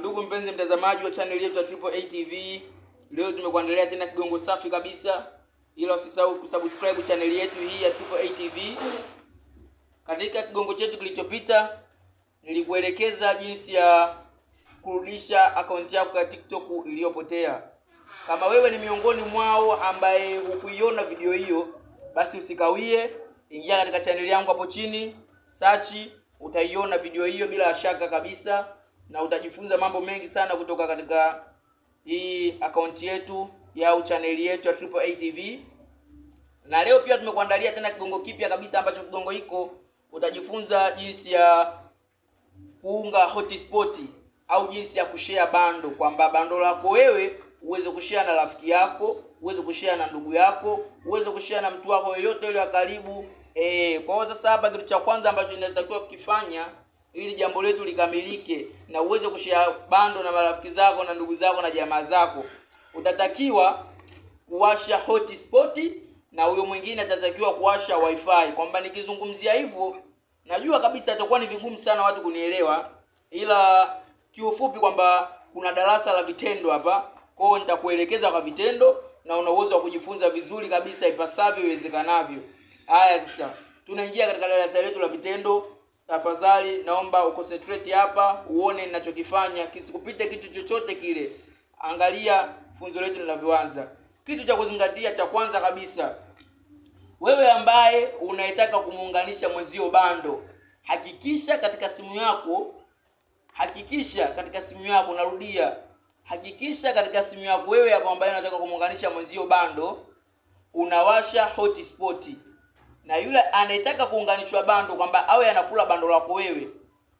ndugu mpenzi mtazamaji wa channel yetu ya Triple A TV, leo tumekuandalia tena kigongo safi kabisa, ila usisahau kusubscribe channel yetu hii ya Triple A TV. Katika kigongo chetu kilichopita, nilikuelekeza jinsi ya kurudisha akaunti yako ya TikTok iliyopotea. Kama wewe ni miongoni mwao ambaye hukuiona video hiyo, basi usikawie, ingia katika chaneli yangu hapo chini, search, utaiona video hiyo bila shaka kabisa na utajifunza mambo mengi sana kutoka katika hii akaunti yetu au chaneli yetu ya Triple A TV. Na leo pia tumekuandalia tena kigongo kipya kabisa ambacho kigongo hiko utajifunza jinsi ya kuunga hotspot au jinsi ya kushare bando, kwamba bando lako wewe uweze kushare na rafiki yako, uweze kushare na ndugu yako, uweze kushare na mtu wako yoyote yule wa karibu. Eh, kwa hiyo sasa hapa kitu cha kwanza ambacho inatakiwa kukifanya ili jambo letu likamilike na uweze kushia bando na marafiki zako na ndugu zako na jamaa zako, utatakiwa kuwasha hotspot na huyo mwingine atatakiwa kuwasha wifi. Kwamba nikizungumzia hivyo, najua kabisa atakuwa ni vigumu sana watu kunielewa, ila kiufupi kwamba kuna darasa la vitendo hapa kwao, nitakuelekeza kwa vitendo na una uwezo wa kujifunza vizuri kabisa ipasavyo iwezekanavyo. Haya, sasa tunaingia katika darasa letu la vitendo tafadhali naomba uconcentrate hapa, uone ninachokifanya, kisikupite kitu chochote kile. Angalia funzo letu linavyoanza. Kitu cha kuzingatia cha kwanza kabisa, wewe ambaye unaitaka kumuunganisha mwenzio bando, hakikisha katika simu yako, hakikisha katika simu yako, narudia, hakikisha katika simu yako wewe hapo ambaye unataka kumuunganisha mwenzio bando, unawasha hotspot na yule anayetaka kuunganishwa bando kwamba awe anakula bando lako wewe,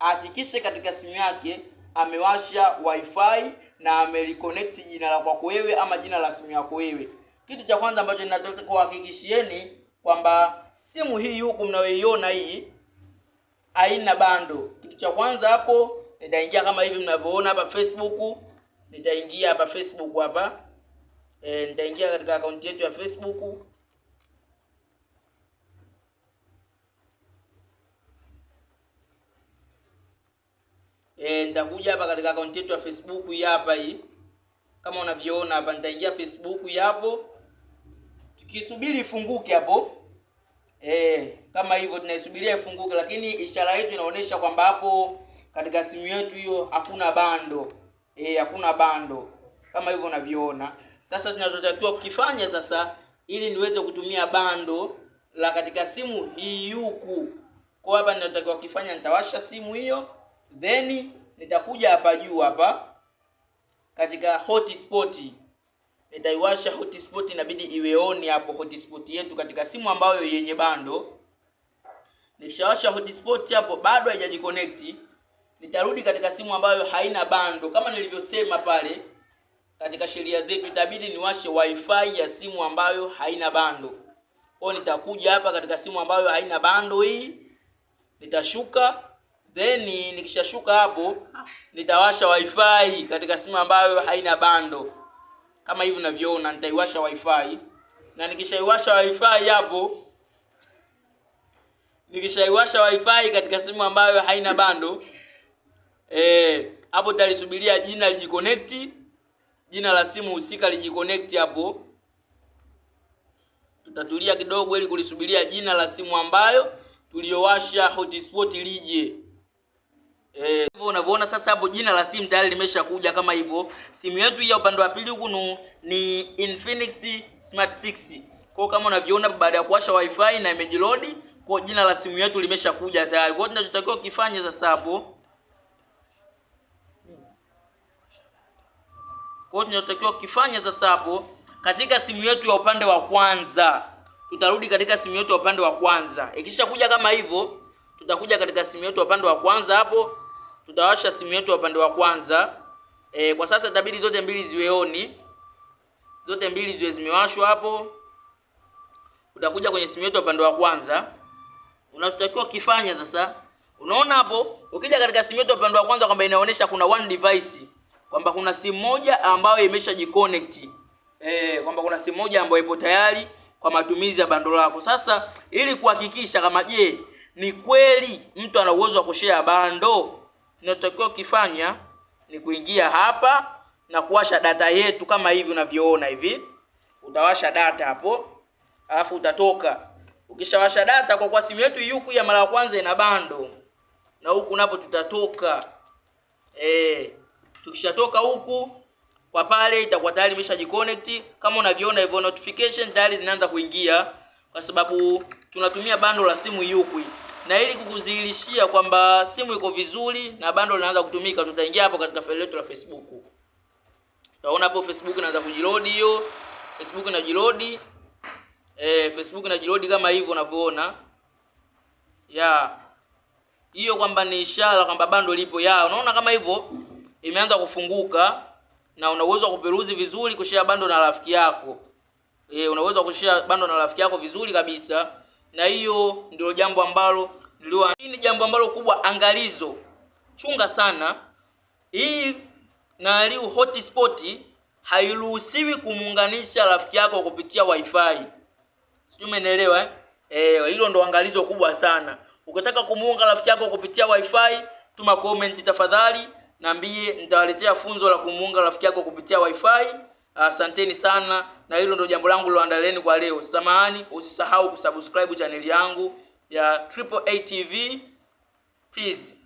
hakikishe katika simu yake amewasha wifi na ameliconnect jina la kwako wewe ama jina la simu yako wewe. Kitu cha kwanza ambacho ninataka kuhakikishieni kwamba simu hii huku mnayoiona hii haina bando. Kitu cha kwanza hapo, nitaingia kama hivi mnavyoona hapa Facebook, nitaingia hapa Facebook hapa e, nitaingia katika akaunti yetu ya Facebook nitakuja hapa katika akaunti yetu ya Facebook hii hapa hii, kama unavyoona hapa, nitaingia Facebook hapo, tukisubiri ifunguke hapo eh, kama hivyo tunaisubiria ifunguke, lakini ishara yetu inaonyesha kwamba hapo katika simu yetu hiyo hakuna bando eh, hakuna bando kama hivyo unavyoona. Sasa tunachotakiwa kukifanya sasa, ili niweze kutumia bando la katika simu hii huku kwa hapa, ninachotakiwa kukifanya nitawasha simu hiyo then nitakuja hapa juu hapa katika hotspot, nitaiwasha hotspot, inabidi iwe on hapo hotspot yetu katika simu ambayo yenye bando. Nikishawasha hotspot hapo, bado haijajiconnect, nitarudi katika simu ambayo haina bando. Kama nilivyosema pale katika sheria zetu, itabidi niwashe wifi ya simu ambayo haina bando. Kwa nitakuja hapa katika simu ambayo haina bando hii, nitashuka Then nikishashuka hapo nitawasha wifi katika simu ambayo haina bando. Kama hivi unavyoona nitaiwasha wifi. Na nikishaiwasha wifi hapo nikishaiwasha wifi katika simu ambayo haina bando eh, hapo talisubiria jina lijiconnect, jina la simu husika lijiconnect hapo. Tutatulia kidogo ili kulisubiria jina la simu ambayo tuliyowasha hotspot lije. Eh, hivyo unavyoona sasa hapo jina la simu tayari limeshakuja kama hivyo. Simu yetu hii ya upande wa pili huku ni Infinix Smart 6. Kwa kama unavyoona baada ya kuwasha wifi na imejiload, kwa jina la simu yetu limeshakuja tayari. Kwa hiyo tunachotakiwa kufanya sasa hapo Kwa hiyo tunachotakiwa kufanya sasa hapo katika simu yetu ya upande wa kwanza. Tutarudi katika simu yetu ya upande wa kwanza. Ikishakuja kama hivyo, tutakuja katika simu yetu ya upande wa kwanza hapo tutawasha simu yetu upande wa kwanza. E, kwa sasa tabiri zote mbili ziwe on, zote mbili ziwe zimewashwa. Hapo utakuja kwenye simu yetu upande wa kwanza, unachotakiwa kifanya sasa, unaona hapo, ukija katika simu yetu upande wa kwanza kwamba inaonyesha kuna one device, kwamba kuna simu moja ambayo imesha jiconnect eh, kwamba kuna simu moja ambayo ipo tayari kwa matumizi ya bando lako. Sasa ili kuhakikisha kama je, ni kweli mtu ana uwezo wa kushare bando tunachotakiwa kifanya ni kuingia hapa na kuwasha data yetu kama hivi unavyoona hivi. Utawasha data hapo, alafu utatoka. Ukishawasha data, kwa kwa simu yetu hii ya mara ya kwanza ina bando, na huku napo tutatoka eh. Tukishatoka huku kwa pale, itakuwa tayari jiconnect kama unavyoona hivyo, notification tayari zinaanza kuingia, kwa sababu tunatumia bando la simu hii na ili kukudhihirishia kwamba simu iko vizuri na bando linaanza kutumika, tutaingia hapo katika faili letu la Facebook. Utaona hapo Facebook inaanza kujiload hiyo. Facebook inajiload. Eh, Facebook inajiload kama hivyo unavyoona. Ya. Hiyo kwamba ni ishara kwamba bando lipo. Ya, unaona kama hivyo imeanza kufunguka na una uwezo wa kuperuzi vizuri, kushare bando na rafiki yako. Eh, unaweza kushare bando na rafiki yako vizuri kabisa. Na hiyo ndio jambo ambalo Lua. Hii ni jambo ambalo kubwa, angalizo, chunga sana hii naliu hotspot hairuhusiwi kumuunganisha rafiki yako kupitia wifi, Sio, umeelewa eh? Eh, hilo ndo angalizo kubwa sana. Ukitaka kumuunga rafiki yako kupitia wifi, tuma comment tafadhali, naambie, nitawaletea funzo la kumuunga rafiki yako kupitia wifi. Asanteni sana, na hilo ndo jambo langu liloandaleni kwa leo. Samahani, usisahau kusubscribe chaneli yangu ya Triple A TV Peas